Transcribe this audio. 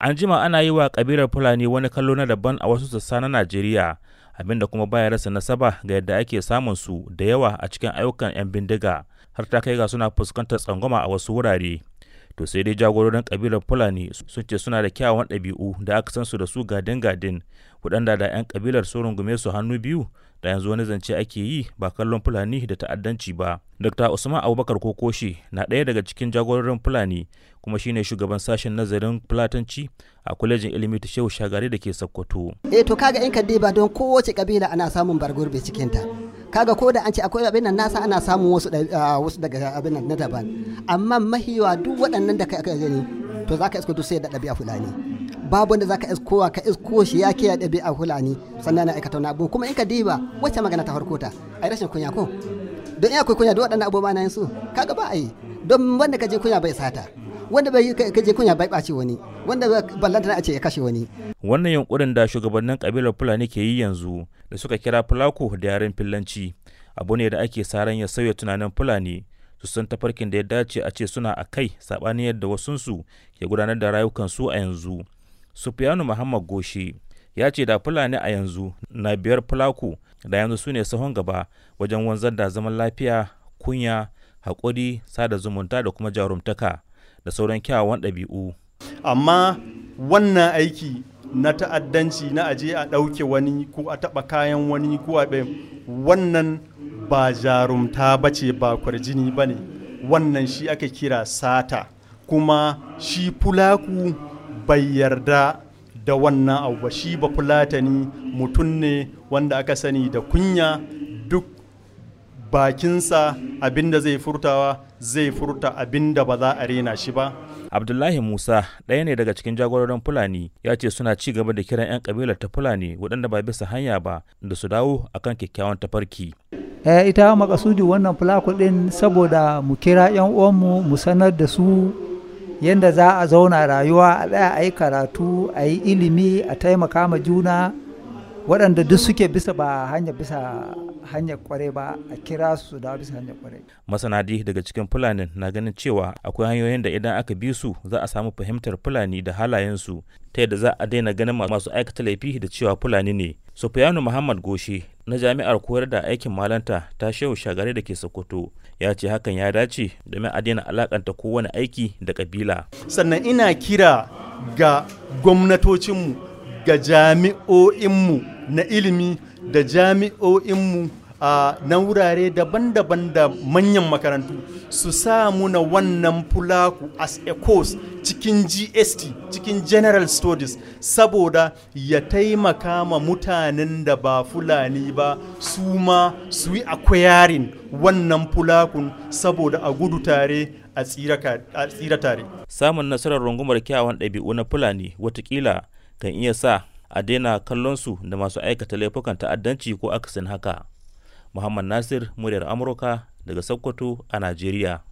An jima ana yi wa kabilar Fulani wani kallo na daban a wasu sassa na Najeriya, abinda kuma baya rasa nasaba ga yadda ake samun su da yawa a cikin ayyukan 'yan bindiga har ta kai ga suna fuskantar tsangwama a wasu wurare. to sai dai jagororin kabilar fulani sun ce suna da kyawawan ɗabi'u da aka san su da su gadin gadin waɗanda da 'yan kabilar sun rungume su hannu biyu da yanzu wani zance ake yi ba kallon fulani da ta'addanci ba dr usman abubakar kokoshi na ɗaya daga cikin jagororin fulani kuma shine shugaban sashen nazarin fulatanci a kwalejin ilimi ta shehu shagari da ke sokoto eh to kaga in ka ba don kowace kabila ana samun bargurbe cikinta kaga ko da an ce akwai abin nan nasa ana samu wasu daga abin nan na daban amma mahiwa duk waɗannan da kai aka gani to za ka isko duk sai da ɗabi'a fulani babu wanda ka iskowa ka isko shi ya kiyaye ɗabi'a fulani sannan na aikata wani abu kuma in ka diba wacce magana ta farko ta a rashin kunya ko don in akwai kunya duk waɗannan abubuwa na yin su kaga ba a yi don wanda ka je kunya bai sata wanda bai kaje kunya bai ɓace wani wanda ballanta a ce ya kashe wani wannan yunkurin da shugabannin kabilar fulani ke yi yanzu da suka kira fulako da yaren fillanci abu ne da ake saran ya sauya tunanin fulani su san tafarkin da ya dace a ce suna a kai saɓanin yadda wasunsu ke gudanar da rayukansu a yanzu sufiyanu muhammad goshi ya ce da fulani a yanzu na biyar fulako da yanzu su ne sahon gaba wajen wanzar da zaman lafiya kunya haƙuri sada zumunta da kuma jarumtaka da sauran kyawawan ɗabi'u amma wannan aiki na ta'addanci na aje a ɗauke wani ko a taɓa kayan wani ko a wannan ba jarumta ba ce ba kwarjini ba ne wannan shi aka kira sata kuma shi fulaku bai yarda da wannan abu shi ba fulatani mutum ne wanda aka sani da kunya bakinsa abinda zai furtawa zai furta abinda ba za a rena shi ba abdullahi musa ɗaya ne daga cikin jagororin fulani ya ce suna ci gaba da kiran 'yan kabilar ta fulani waɗanda ba bisa hanya ba da su dawo a kan kyakkyawan tafarki eh, ita makasudi wannan fulako ɗin saboda mu kira 'yan uwanmu mu sanar da su yadda za a zauna rayuwa a ɗaya a yi karatu a yi ilimi a taimaka ma juna waɗanda duk suke bisa ba hanya bisa hanyar kware ba a kira su da bisa hanyar kware. Masana daga cikin Fulani na ganin cewa akwai hanyoyin da idan aka bi su za a samu fahimtar Fulani da halayensu ta yadda za a daina ganin masu aikata laifi da cewa Fulani ne. Sufiyanu Muhammad Goshi na jami'ar koyar da aikin malanta ta shehu shagare da ke Sokoto ya ce hakan ya dace domin a daina alakanta kowane aiki da kabila. Sannan ina kira ga gwamnatocinmu ga jami'o'inmu na ilimi da jami'o'inmu na wurare daban-daban da manyan makarantu su samu na wannan fulaku as a course cikin gst cikin general studies saboda ya taimaka ma mutanen da ba fulani ba su ma su yi akwayarin wannan fulakun saboda a gudu tare a tsira tare samun nasarar rungumar kyawun ɗabi'u na fulani watakila kan iya sa a daina kallon su da masu aikata laifukan ta'addanci ko akasin haka muhammad nasir muryar amurka daga sokoto a najeriya